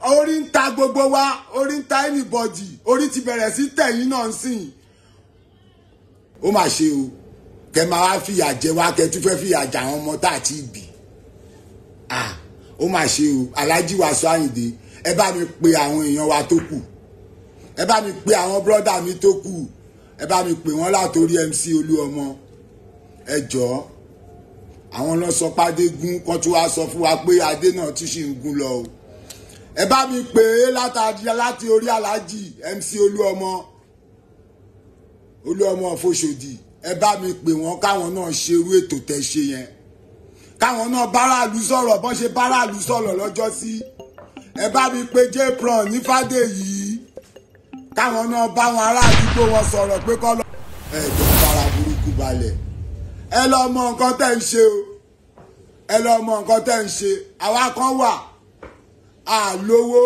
orí ń ta gbogbo wa orí ń ta anybody orí ti bẹ̀rẹ̀ sí tẹ̀yìn náà sìn ó mà ṣe o kẹ máa wá fìyà jẹ wá kẹ tún fẹ́ fìyà jà àwọn ọmọ tá àti ibì ó mà ṣe o aláàjì Wasiu Ayinde ẹ bá mi pe àwọn èèyàn wa tó kù ẹ bá mi pe àwọn bírọ́dà mi tó kù ẹ bá mi pe wọ́n látòrí MC Olúọmọ ẹ jọ̀ọ́ àwọn lọ sọ pé adégún kan tún wá sọ fún wa pé adé náà tún ṣì ń gún lọ o ẹ bá mi pè é látàdí láti orí aláàjì MC olúọmọ olúọmọ fòṣòdì ẹ bá mi pè wọ́n káwọn náà ṣerú ètò tẹ́ ṣe yẹn káwọn náà báráàlú sọ̀rọ̀ bọ́n ṣe báráàlú sọ̀rọ̀ lọ́jọ́ sí ẹ bá mi pè jpron ní fàdéyìí káwọn náà bá wọn ará àdúgbò wọn sọ̀rọ̀ pé kọ́ lọ. ẹ jọ fara burúkú balẹ̀ ẹ lọ mọ nǹkan tẹ́ ń ṣe o ẹ lọ mọ nǹkan tẹ́ ń ṣe àwa kan wà àlówó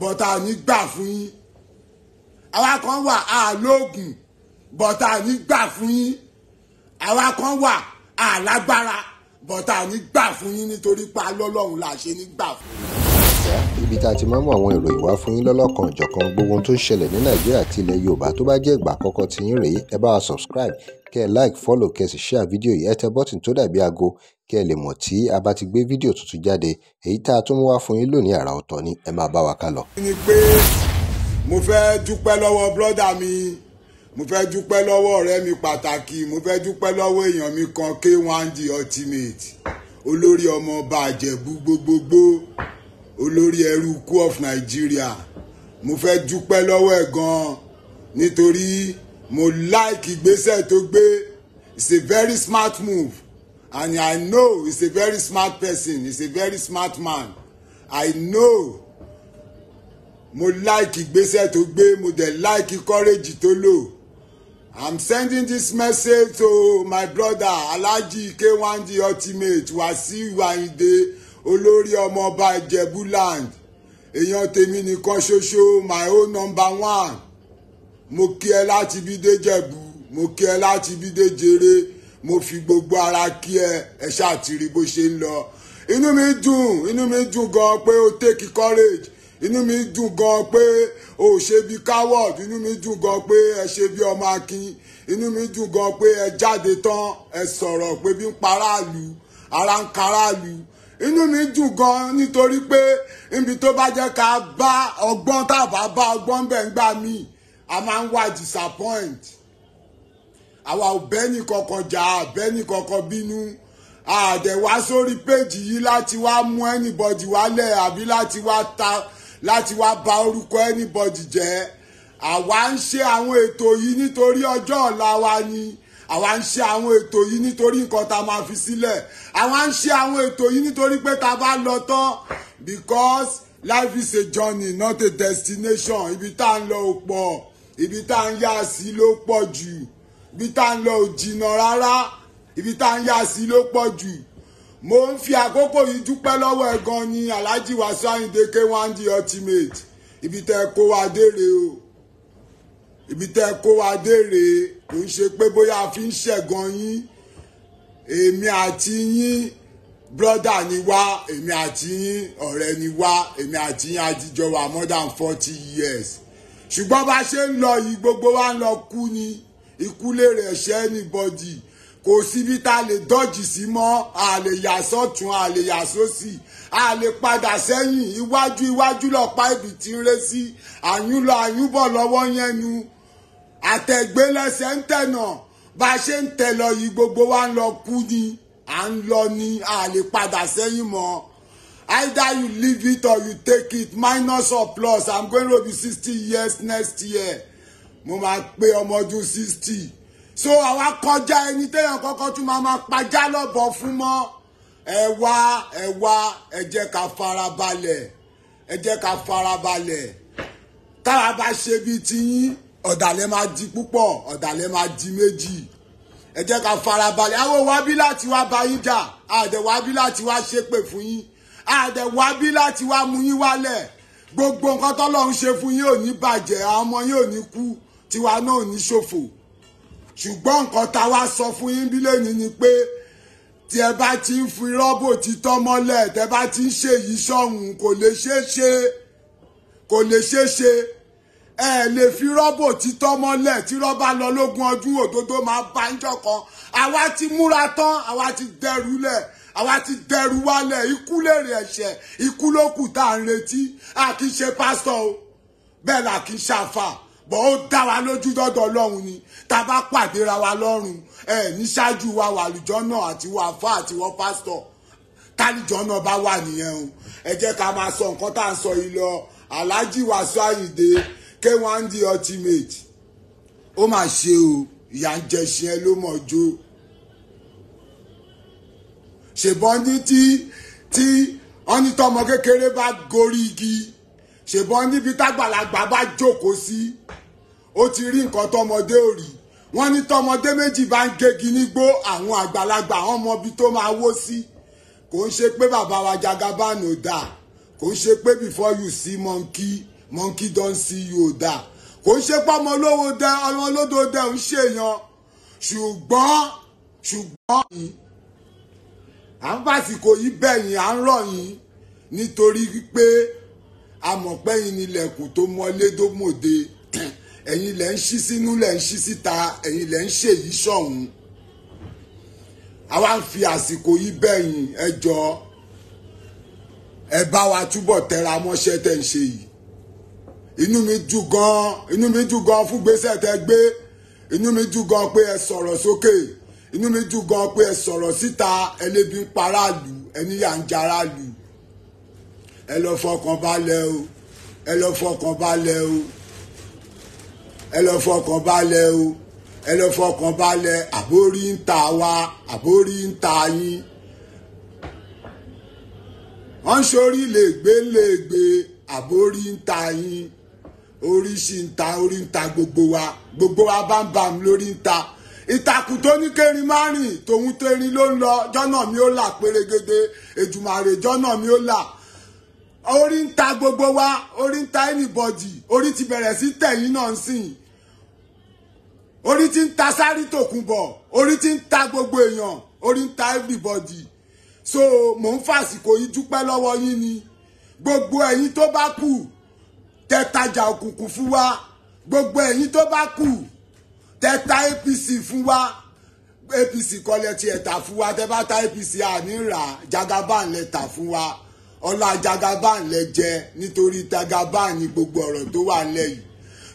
bọ̀tà ní gbà fún yín àwa kan wà àlóògùn bọ̀tà ní gbà fún yín àwa kan wà àlágbára bọ̀tà ní gbà fún yín nítorí pa lọ́lọ́run là ṣe ní gbà fún yín ibi tá a ti máa ń mú àwọn ìròyìn wá fún yín lọ́lọ́kan ọ̀jọ̀kan gbogbo ohun tó ń ṣẹlẹ̀ ní nàìjíríà àti ilẹ̀ yorùbá tó bá jẹ́ ìgbà àkọ́kọ́ tí yín rèé ẹ bá wa subscribe kẹ́ ẹ like follow kẹ́ ẹ sì share fídíò yìí ẹ tẹ bọ́tìn tó dàbí aago kẹ́ ẹ lè mọ̀ tí a bá ti gbé fídíò tuntun jáde èyí tá a tún mú wá fún yín lónìí àrà ọ̀tọ̀ ni ẹ máa bá wa ká lọ. ni pé mo fẹ́ dúpẹ́ lọ́wọ́ brọ́dà mi mo fẹ́ dúpẹ́ lọ́wọ́ ọ̀rẹ́ mi pàtàkì mo fẹ́ dúpẹ́ lọ́wọ́ èèyàn mi kan K1 the ultimate olórí ọmọ ọba gbogbogbò olórí ẹrúkú of Nigeria mo fẹ́ dúpẹ́ lọ́wọ́ ẹ̀ gan-an nítorí mo like ìgbésẹ̀ tó gbé it's a very smart move and I know he's a very smart person he's a very smart man I know mo like ìgbésẹ̀ tó gbé mo dẹ̀ like courage tó lò I'm sending this message to my brother Alhaji K1 the ultimate Wasiu Ayinde olórí ọmọọba ìjẹ̀bú land èèyàn tèmi nìkan ṣoṣo my own number one mo kí ẹ láti bí dé jẹ̀bú mo kí ẹ láti bí dé jèrè mo fi gbogbo ara kí ẹ ẹ ṣàtìrí bó ṣe ń lọ inú mi dùn inú mi dùn gan pé o take courage inú mi dùn gan pé o ṣe bí coward inú mi dùn gan pé ẹ ṣe bí ọmọ akin inú mi dùn gan pé ẹ jáde tán ẹ sọ̀rọ̀ pé bí ń paráàlú ara ń karáàlú inú mi dùn gan nítorí pé níbi tó bá jẹ́ ká bá ọgbọ́n tàbá bá ọgbọ́n bẹ̀ ń gbà mí a máa ń wá disappoint àwa ò bẹ́ni kankan jà bẹ́ni kankan bínú àdẹ̀wá sórí péjì yìí láti wá mú anybody wálẹ̀ àbí láti wá ta láti wá bà orúkọ anybody jẹ́ àwa ń ṣe àwọn ètò yìí nítorí ọjọ́ ọ̀la wa ni àwa ń ṣe àwọn ètò yìí nítorí nǹkan tá a máa fi sílẹ̀ àwa ń ṣe àwọn ètò yìí nítorí pé tá a bá lọ tán because life is a journey not a destination ibi tá a ń lọ ò pọ̀ ibi tá a ń yá sí ló pọ̀ jù ibi tá a ń lọ ò jìnnà rárá ibi tá a ń yá sí ló pọ̀ jù mo ń fi àkókò yìí dúpẹ́ lọ́wọ́ ẹ̀ gan ni Alhaji Wasiu Ayinde K1 the ultimate ibi tẹ́ kó wa dé rèé o ibi tẹ́ kó wa dé rèé kì í ṣe pé bóyá a fi ń ṣẹ̀gàn yín èmi àti yín brọ́dà ni wá èmi àti yín ọ̀rẹ́ ni wá èmi àti yín àtijọ́ wa more than forty years ṣùgbọ́n bá ṣe ń lọ yìí gbogbo wa ń lọ kú ni ikú lè rẹ̀ ṣẹ́ anybody kò síbi tá a lè dọ́jì sí mọ́ a lè yà sọ́tún a lè yà sósì a lè padà sẹ́yìn iwájú iwájú lọ́pàá ibi tí ń ré sí àyúnlọ àyúnbọ̀ lọ́wọ́ yẹn nu àtẹ̀gbẹ́ lẹ́sẹ̀ ń tẹ̀nà bá a ṣe ń tẹ̀ lọ yìí gbogbo wa ń lọ kú ni à ń lọ ni a lè padà sẹ́yìn mọ́ either you leave it or you take it minus or plus i'm going to be sixty years next year mo máa pé ọmọ ọdún sixty so àwa kọjá ẹni téèyàn kọ́kọ́ tún máa máa pajá lọ́bọ̀ fún mọ́ ẹ wá ẹ wá ẹ jẹ́ ká farabalẹ̀ ẹ jẹ́ ká farabalẹ̀ táwa bá ṣe bíi tiyín ọ̀dàlẹ̀ máa jí púpọ̀ ọ̀dàlẹ̀ máa jí méjì ẹ jẹ́ ká farabalẹ̀ àwọn wábí láti wá bá yín jà àdẹ̀ wábí láti wá ṣépè fún yín àdẹ̀ wábí láti wá mú yín wálẹ̀ gbogbo nǹkan tọ́lọ́run ṣe fún yín ò ní bàjẹ́ àwọn ọmọ yín ò ní kú tiwa náà ò ní ṣòfò ṣùgbọ́n nǹkan tá a wá sọ fún yín bí lẹ́yìn ni pé tí ẹ bá ti ń fi rọ́bò títọ́ mọ́lẹ̀ tẹ bá ti ń ṣèyí sọ́hùn kò lè ṣeé ṣe kò lè ṣeé ṣe ẹ lè fi rọ́bò títọ́ mọ́lẹ̀ tí rọ́bà lọ lógún ọdún òdodo máa bá ń jọkan àwa ti múra tán àwa ti dẹrù lẹ̀ àwa ti dẹrù wálẹ̀ ikú lèrè ẹ̀ṣẹ̀ ikú ló kù tá à ń retí a kì í ṣe pásítọ̀ o bẹ́ẹ̀ là kì í ṣàfà bọ́ ó dá wa lójú dọ́dọ̀ ọlọ́run ni tá a bá pàdéra wa lọ́rùn ẹ̀ ní ṣáájú wa wàlùjọ́ náà àti wàfà àti wọ́n pásítọ̀ tálíjọ́ náà bá wà nìyẹn o ẹ jẹ́ ká máa sọ nǹkan tá à ń sọ yìí lọ aláàjì wàásù àyìndé K1 the ultimate ó mà ṣe o ìyá ń jẹ ṣe ẹ ló mọ̀ jó ṣèbọn ní tí tí wọ́n ní tọmọ kékeré bá gorí igi ṣèbọn níbi tágbàlagbà bá jókòó sí ó ti rí nǹkan tọmọdé ò rí wọ́n ní tọmọdé méjì bá ń gégi nígbó àwọn àgbàlagbà àwọn ọmọ tó máa wó sí kò ń ṣe pé bàbá wa Jagaban ò kò ń ṣe pé before you see monkey monkey don see you da kò ń ṣe pọ́mọ olówó dẹ ọmọ olódò dẹ ń ṣèyàn ṣùgbọ́n ṣùgbọ́n yìí à ń fàsìkò yìí bẹ̀yìn à ń rọ̀ yìí nítorí pé amọ̀pẹ́yìn nílẹ̀kùn tó mọlé tó mòde ẹ̀yin lẹ̀ ń ṣí sínú lẹ̀ ń ṣí síta ẹ̀yin lẹ̀ ń ṣèyí ṣọ̀hún àwa ń fi àsìkò yìí bẹ̀yìn ẹ jọ ẹ bá wa túbọ̀ tẹra mọ́ṣẹ́ tẹ̀ ń ṣe yìí inú mi dùn gan inú mi dùn gan fún gbèsè tẹ gbé inú mi dùn gan pé ẹ sọ̀rọ̀ sókè inú mi dùn gan pé ẹ sọ̀rọ̀ síta ẹlẹ́bi paráàlú ẹni yà ń jaráàlú ẹ lọ fọkàn balẹ̀ o ẹ lọ fọkàn balẹ̀ o ẹ lọ fọkàn balẹ̀ o ẹ lọ fọkàn balẹ̀ àbórí ń ta wa àbórí ń ta yín wọ́n ń sorí lè gbé lè gbé àbórí ń ta yín orí sì ń ta orí ń ta gbogbo wa gbogbo wa bá ń bam lórí ń ta ìtàkùn tó ní kérin má rìn tòun térin ló ń lọ jọ́nà mi ó là pérégede èjùmàrè jọ́nà mi ó là orí ń ta gbogbo wa orí ń ta ẹnìbọ̀dì orí ti bẹ̀rẹ̀ sí tẹ̀yìn náà sìn orí ti ń ta sáré tòkunbọ̀ orí ti ń ta gbogbo èèyàn orí ń ta everybody so mò ń fàsìkò yìí dúpẹ́ lọ́wọ́ yín ni gbogbo ẹ̀yin tó bá kù tẹ́tajà òkùnkùn fún wa gbogbo ẹ̀yin tó bá kù tẹ́ta APC fún wa APC kọ́lẹ̀ tiẹ̀ tà fún wa tẹ́ ta APC àní rà Jagaban lẹ tà fún wa ọlá Jagaban lẹ jẹ nítorí Jagaban ni gbogbo ọ̀rọ̀ tó wà lẹ́yìn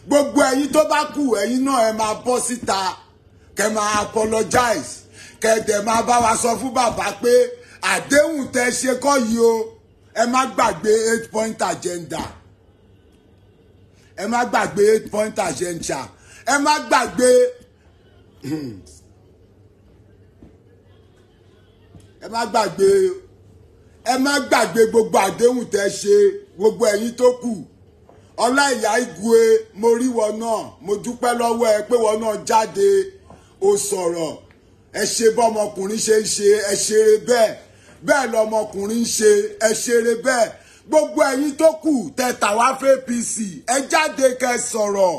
gbogbo ẹ̀yin tó bá kù ẹ̀yin náà ẹ máa bọ́ síta kẹ́ máa apologize kẹ́ dẹ̀ máa bá wa sọ fún bàbá pé àdéhùn tẹ́ ṣe kọ́ yìí o ẹ má gbàgbé eight point agenda ẹ má gbàgbé pointer ṣe ń ṣá ẹ má gbàgbé ẹ má gbàgbé ẹ má gbàgbé gbogbo àdéhùn tẹ́ ṣe gbogbo ẹ̀yin tó kù ọláìyá igwe mo rí wọn náà mo dúpẹ́ lọ́wọ́ ẹ pé wọn náà jáde ó sọ̀rọ̀ ẹ ṣe bọ́mọkùnrin ṣe ń ṣe ẹ ṣeré bẹ́ẹ̀ bẹ́ẹ̀ lọmọkùnrin ń ṣe ẹ ṣeré bẹ́ẹ̀ gbogbo ẹ̀yin tó kù tẹ̀tà wá fẹ́ APC ẹ jáde kẹ́ sọ̀rọ̀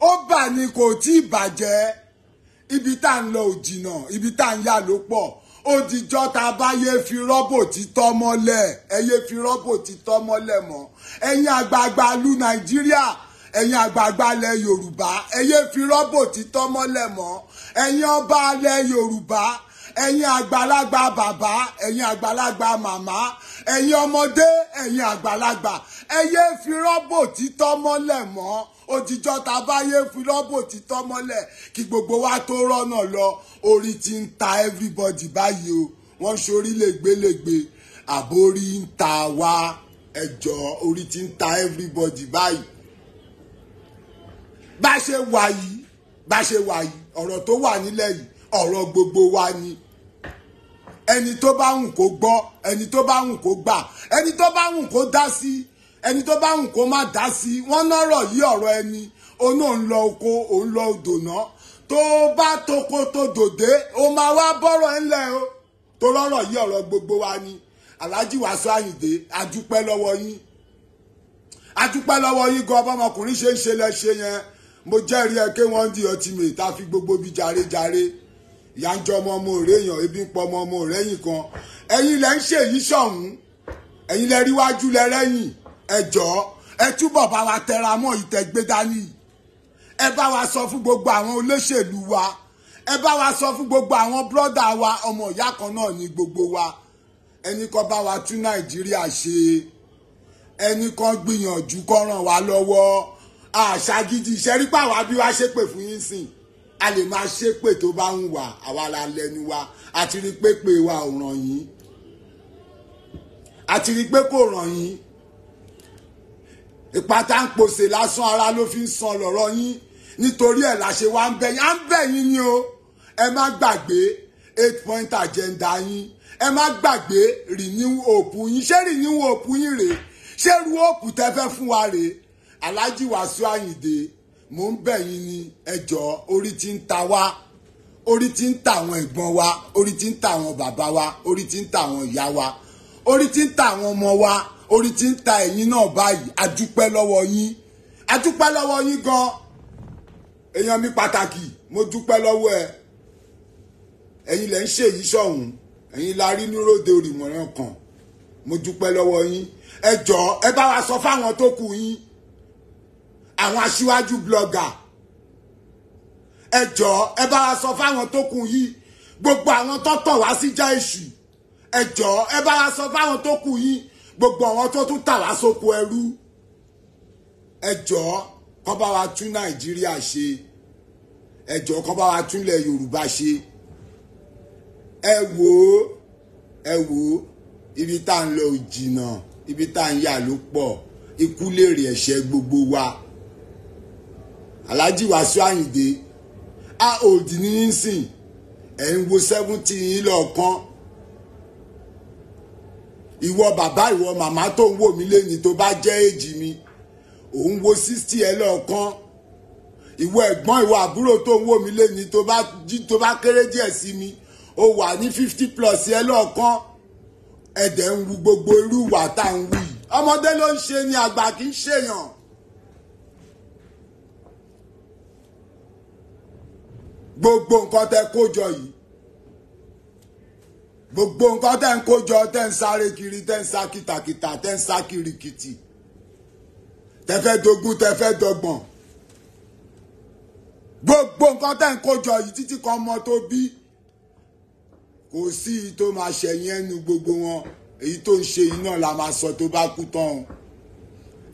ó bà ní kò tí ì bàjẹ́ ibi tá à ń lọ ò jìnnà ibi tá à ń yà ló pọ̀ ó dijọ́ tá a bá yé fi rọ́bò títọ́ mọ́lẹ̀ ẹ yé fi rọ́bò títọ́ mọ́lẹ̀ mọ́ ẹ̀yin àgbààgbà lu Nàìjíríà ẹ̀yin àgbààgbà ilẹ̀ Yorùbá ẹ yé fi rọ́bò títọ́ mọ́lẹ̀ mọ́ ẹ̀yin ọba ilẹ̀ Yorùbá ẹ̀yin àgbàlagbà bàbá ẹ̀yin àgbàlagbà màmá ẹ̀yin ọmọdé ẹ̀yin àgbàlagbà ẹ yéé fi rọ́bò títọ́ mọ́lẹ̀ mọ́ òtijọ́ ta bá yé fi rọ́bò títọ́ mọ́lẹ̀ kí gbogbo wa tó rọ́nà lọ orí ti ń ta everybody báyìí o wọ́n ṣorí lẹ́gbẹ̀lẹ́gbẹ̀ àbórí ń ta wa ẹjọ́ orí ti ń ta everybody báyìí bá ṣe wà yìí bá ṣe wà yìí ọ̀rọ̀ tó wà nílẹ̀ yìí ọ̀rọ̀ gbogbo wa ni ẹni tó bá wùn kó gbọ́ ẹni tó bá wùn kó gbà ẹni tó bá wùn kó dá sí ẹni tó bá wùn kó má dá sí wọ́n nọ́rọ̀ yí ọ̀rọ̀ ẹni òun ń lọ oko òun lọ odò tó bá toko tó dòde ó máa wá bọ́rọ̀ ńlẹ̀ o tó lọ́rọ̀ yí ọ̀rọ̀ gbogbo wa ni Alhaji Wasiu Ayinde adúpẹ́ lọ́wọ́ yín adúpẹ́ lọ́wọ́ yín gan ọmọkùnrin ṣe ń ṣe lẹ́ṣẹ̀ yẹn mo jẹ́rìí ẹ kí wọ́n di ultimate tá a fi gbogbo bí jàre jàre ìyà ń jọ ọmọ ọmọ rẹ èèyàn ebi ń pọ ọmọ ọmọ rẹ yìí kan ẹ̀yin lẹ ń ṣe èyí sọ̀hún ẹ̀yin lẹ rí wájú lẹ rẹ́yìn ẹ jọ̀ọ́ ẹ túbọ̀ bá wa tẹra mọ́ ìtẹ̀gbé dání ẹ bá wa sọ fún gbogbo àwọn olóṣèlú wa ẹ bá wa sọ fún gbogbo àwọn bírọ́dà wa ọmọ ìyá kan náà ní gbogbo wa ẹni kan bá wa tún Nàìjíríà ṣe ẹni kan gbìyànjú kó ràn wá lọ́wọ́ àṣà gidi ìṣẹ́rípàwá bí wá ṣépè fún yín sìn a lè máa ṣépè tó bá ń wà àwa la lẹ́nu wa àti rí pé pé wa ò ràn yín àti rí pé kò ràn yín ìpátá ń pòsè lásán ara ló fi ń san lọ́rọ̀ yín nítorí ẹ̀ la ṣe wá ń bẹ̀ yín à ń bẹ̀ yín ni o ẹ má gbàgbé eight point agenda yín ẹ má gbàgbé renew hope yín ṣé renew hope yín rèé ṣé ru hope tẹ́ fẹ́ fún wa rèé Alhaji Wasiu Ayinde mò ń bẹ̀ yín ni ẹjọ́ orí ti ń ta wá orí ti ń ta àwọn ìbọn wa orí ti ń ta àwọn bàbá wa orí ti ń ta àwọn ìyá wa orí ti ń ta àwọn ọmọ wa orí ti ń ta ẹ̀yin náà báyìí adúpẹ́ lọ́wọ́ yín adúpẹ́ lọ́wọ́ yín gan èèyàn mi pàtàkì mo dúpẹ́ lọ́wọ́ ẹ ẹ̀yin lẹ ń ṣèyí sọ̀hún ẹ̀yin la rí níròde òrìwọ̀n kan mo dúpẹ́ lọ́wọ́ yín ẹ jọ̀ọ́ ẹ bá wa sọ fáwọn tó kù yín àwọn aṣíwájú blọgà ẹ jọ̀ọ́ ẹ bá wa sọ fáwọn tó kù yìí gbogbo àwọn tó tọ̀ wá síjà èṣù ẹ jọ̀ọ́ ẹ bá wa sọ fáwọn tó kù yìí gbogbo àwọn tó tún tà wá sóko ẹrú ẹ jọ̀ọ́ kọ́ bá wa tún nàìjíríà ṣe ẹ jọ̀ọ́ kọ́ bá wa túnlẹ̀ yorùbá ṣe ẹ wò ó ẹ wò ó ibi tá à ń lọ jìnnà ibi tá à ń yà ló pọ̀ ikú lèrè ẹ̀ṣẹ̀ gbogbo wa alhaji wàsíù àyìndé a ò dì ní nísìn ẹ̀ ń wo seventy yín lọ́ọ̀kan ìwọ bàbá ìwọ màmá tó ń wò mí lẹ́ni tó bá jẹ́ èjì mi òun wo sixty ẹ lọ́ọ̀kan ìwọ ẹ̀gbọ́n ìwọ àbúrò tó ń wò mí lẹ́ni tó bá jí tó bá kéré díẹ̀ sí mi ó wà ní fifty plus ẹ lọ́ọ̀kan ẹ̀dẹ̀ ń wu gbogbo irú ìwà tá à ń ọmọdé ló ń ṣe ni àgbà kì í ṣèyàn. gbogbo nǹkan tẹ́ kó jọ yìí gbogbo nǹkan tẹ́ ń kó jọ tẹ́ ń sáré kiri tẹ́ ń sá kìtàkìtà tẹ́ ń sá kirikìtì tẹ́ fẹ́ dogún tẹ́ fẹ́ dọgbọ̀n gbogbo nǹkan tẹ́ ń kó jọ yìí títí kan ọmọ tó bí kò sí i tó máa ṣẹ̀yìn ẹnu gbogbo wọn èyí tó ń ṣe yìí náà la máa sọ tó bá kú tán o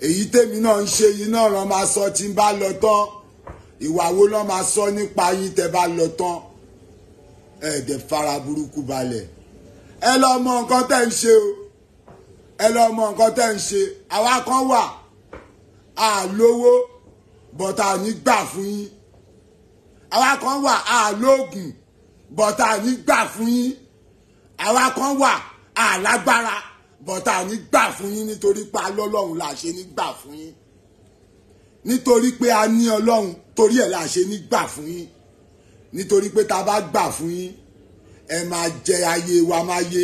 èyí tèmi náà ń ṣe yìí náà ràn máa sọ tí n bá lọ tán ìwà wo ló máa sọ nípa yín tẹ́ bá lọ tán ẹ dẹ̀ fara burúkú balẹ̀ ẹ lọ mọ nǹkan tẹ́ ń ṣe o ẹ lọ mọ nǹkan tẹ́ ń ṣe àwa kan wà á lówó bọ̀tà ní gbà fún yín àwa kan wà á lóògùn bọ̀tà ní gbà fún yín àwa kan wà á lágbára bọ̀tà ní gbà fún yín nítorí pé alọ́lọ́run là ṣe ní gbà fún yín nítorí pé a ní ọlọ́run torí ẹ̀ la ṣe ní gbà fún yín nítorí pé tá a bá gbà fún yín ẹ máa jẹ ayé wa máa yé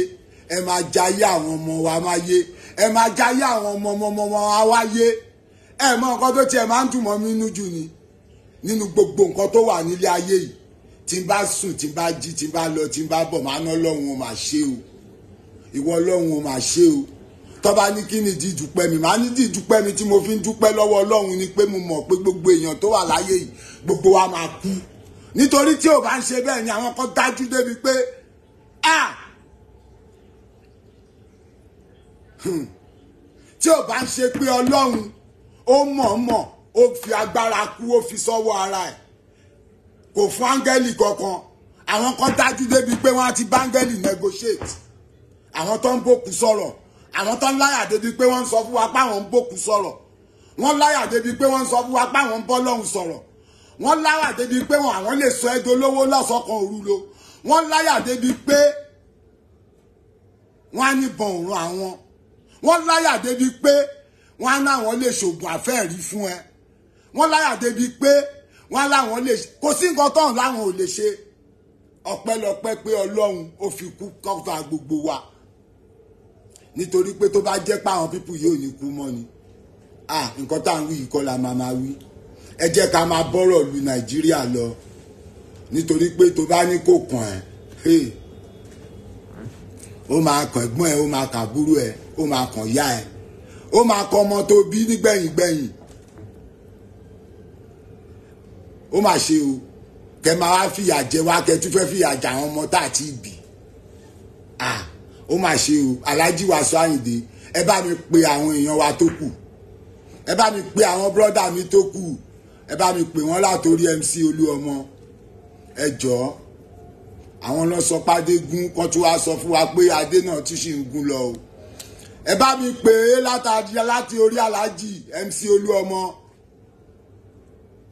ẹ máa jẹ ayé àwọn ọmọ wa máa yé ẹ máa jẹ ayé àwọn ọmọ ọmọ ọmọ wa wá yé ẹ mọ nǹkan tó tiẹ̀ máa ń dùn mọ́ mi jù ni nínú gbogbo nǹkan tó wà nílé ayé yìí tí n bá sùn tí n bá jí tí n bá lọ tí n bá bọ̀ máa ná lọ́hùn ó máa ṣe o ìwọ lọ́hùn ó máa ṣe o tọ́ba ní kí ni ìdí mi màá ní ìdí mi tí mo fi ń dúpẹ́ lọ́wọ́ ọlọ́run ni pé mo mọ̀ pé gbogbo èèyàn tó wà láyé yìí gbogbo wa máa kú nítorí tí ò bá ń ṣe bẹ́ẹ̀ ni àwọn kan dájú débi pé a hmm, tí ò bá ń ṣe pé ọlọ́run ó mọ̀ọ́mọ̀ ó fi agbára kú ó fi sọ́wọ́ ara ẹ̀ kò fún áńgẹ́lì kankan àwọn kan dájú débi pé wọ́n á ti báńgẹ́lì negotiate àwọn tó ń bókun sọ̀rọ̀ àwọn tó ń láyà débi pé wọ́n ń sọ fún wa páwọn ń bòkú sọ̀rọ̀ wọ́n láyà débi pé wọ́n ń sọ fún wa páwọn ń bọ́ lọ́hùn sọ̀rọ̀ wọ́n láyà débi pé wọn àwọn lè sọ ẹjọ́ lówó lọ́sọ̀kan òru lo wọ́n láyà débi pé wọ́n á ní bọ̀ òrùn àwọn wọ́n láyà débi pé wọ́n á náwọn lè ṣògùn àfẹ́ẹ̀rí fún ẹ wọ́n láyà débi pé wọ́n á láwọn lè kò sí nǹkan tán láwọn ò lè ṣe ọpẹ́lọpẹ́ pé Ọlọ́run ó fi kú kọfà gbogbo wa nítorí pé tó bá jẹ́ pé àwọn pípù yìí ò ní kú mọ́ ni ah nǹkan tá à ń wí yìí kọ́ la máa máa wí ẹ jẹ́ ká máa bọ́rọ̀ lu nàìjíríà lọ nítorí pé tó bá ní kò kàn ẹ́ ó máa kàn ẹ̀gbọ́n ẹ̀ ó máa kàn àbúrò ẹ̀ ó máa kàn yá ẹ̀ ó máa kọ ọmọ tó bí nígbẹ̀yìngbẹ̀yìn ó máa ṣe o kẹ máa wá fìyà jẹ wá kẹ tún fẹ́ fìyà jẹ àwọn ọmọ tá a ti bì ó mà ṣe o aláàjì Wasiu Ayinde ẹ bá mi pe àwọn èèyàn wa tó kù ẹ bá mi pe àwọn brọ́dà mi tó kù ẹ bá mi pe wọ́n látòrí MC Olúọmọ ẹ jọ̀ọ́ àwọn lọ sọ pàdé gun kan tí wàá sọ fún wa pé adé náà ti ṣì ń gun lọ o ẹ bá mi pè é láti orí aláàjì MC Olúọmọ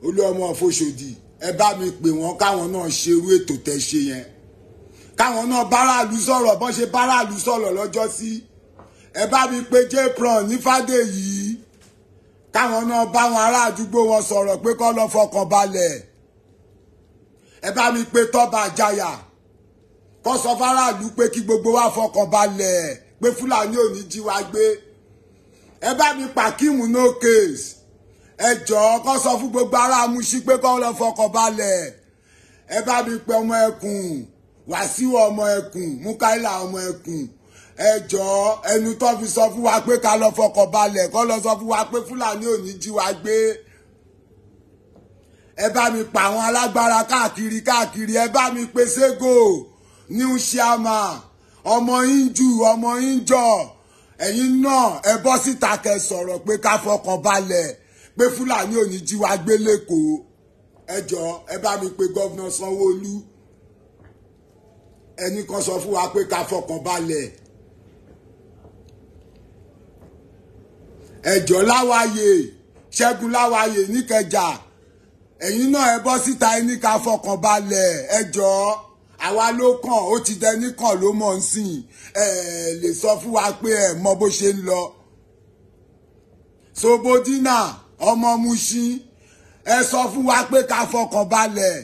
Olúọmọ Fòṣòdì ẹ bá mi pè wọ́n káwọn náà ṣerú ètò tẹ́ ṣe yẹn káwọn náà báráàlú sọ̀rọ̀ bọ́n ṣe báráàlú sọ̀rọ̀ lọ́jọ́ sí ẹ bá mi pé jpron nífàdé yìí káwọn náà báwọn ará àdúgbò wọn sọ̀rọ̀ pé kọ́ lọ fọkàn balẹ̀ ẹ bá mi pé tọ́ba àjàyà kọ́ sọ fáráàlú pé kí gbogbo wa fọkàn balẹ̀ pé fúlàní ò ní jí wa gbé ẹ bá mi pàkíìmù no case ẹ jọ̀ọ́ kọ́ sọ fún gbogbo ará amúṣí pé kọ́ lọ fọkàn balẹ̀ ẹ bá mi pé ọmọ ẹkùn wàsíù ọmọ ẹkùn mukaila ọmọ ẹkùn ẹjọ ẹnu tó fi sọ fún wa pé ká lọ fọkàn balẹ̀ kó lọ sọ fún wa pé fúlàní ò ní jí wa gbé ẹ bá mi pa àwọn alágbára káàkiri káàkiri ẹ bá mi pe ségò new chairman ọmọ injú ọmọ injọ ẹ̀yin náà ẹ bọ́ síta kẹ́ sọ̀rọ̀ pé ká fọkàn balẹ̀ pé fúlàní ò ní jí wa gbé lẹ́kọ̀ọ́ ẹjọ ẹ bá mi pe gọ́vnà sanwó-olú ẹnì kan sọ fún wa pé ká fọkàn balẹ̀ ẹjọ́ láwàyè ṣẹ́gun láwàyè níkẹjà ẹ̀yin náà ẹ bọ́ síta ẹni ká fọkàn balẹ̀ ẹjọ́ àwa ló kàn ó ti dẹni kàn ló mọ̀ ń sìn ẹ lè sọ fún wa pé ẹ mọ bó ṣe ń lọ sobodina ọmọ Mushin ẹ sọ fún wa pé ká fọkàn balẹ̀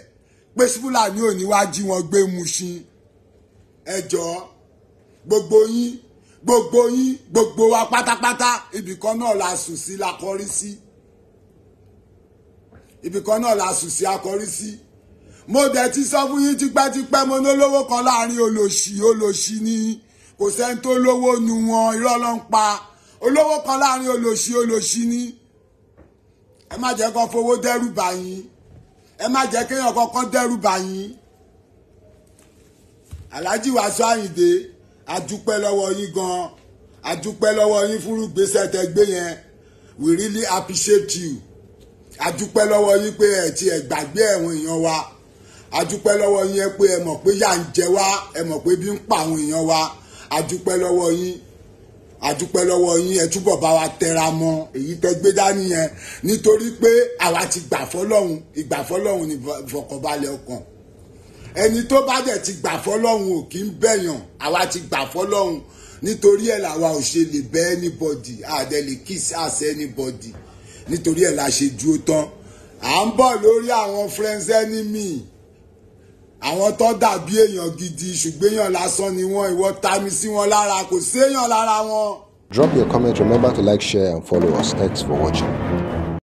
pé fúlàní ò ní wá jí wọn gbé Mushin ẹ jọ̀ọ́ gbogbo yín gbogbo yín gbogbo wa pátápátá ibìkan náà la sùn sí la kọrí sí ibìkan náà la sùn sí akọrí sí mo dẹ̀ ti sọ fún yín tipẹ́tipẹ́ mo ní olówó kan láàrin olòṣì olòṣì ni kò sẹ́ni tó lówó nu wọn irọ́ ló ń pa olówó kan láàrin olòṣì olòṣì ni ẹ má jẹ́ kó fowó dẹ́rù bà ẹ má jẹ́ kéèyàn kankan dẹ́rù bà alhaji Wasiu Ayinde adúpẹ́ lọ́wọ́ yín gan adúpẹ́ lọ́wọ́ yín fúrú gbèsè tẹ gbé yẹn we really appreciate you adúpẹ́ lọ́wọ́ yín pé ẹ ti ẹ gbàgbé ẹ̀wọ̀n èèyàn wa adúpẹ́ lọ́wọ́ yín ẹ pé ẹ mọ̀ pé yà ń jẹ wá ẹ mọ̀ pé bí ń pa àwọn èèyàn wa adúpẹ́ lọ́wọ́ yín adúpẹ́ lọ́wọ́ yín ẹ túbọ̀ bá wa tẹra mọ́ èyí tẹ gbé dání yẹn nítorí pé àwa ti gbà fọlọ́hún ìgbà fọlọ́hún ní ìfọkànbalẹ̀ ọkàn ẹni tó bá dẹ̀ ti gbà fọlọ́hún ò kí ń bẹ̀yàn àwa ti gbà fọlọ́hún nítorí ẹ̀ làwa ò ṣe lè bẹ́ anybody àdẹ lè kiss ass anybody nítorí ẹ̀ la ṣe dúró tán à ń bọ̀ lórí àwọn friends enemy àwọn tó dàbí èèyàn gidi ṣùgbọ́n lásán ni wọ́n ìwọ tami sí wọn lára kò séèyàn lára wọn. Drop your comment remember to like share and follow us thanks for watching.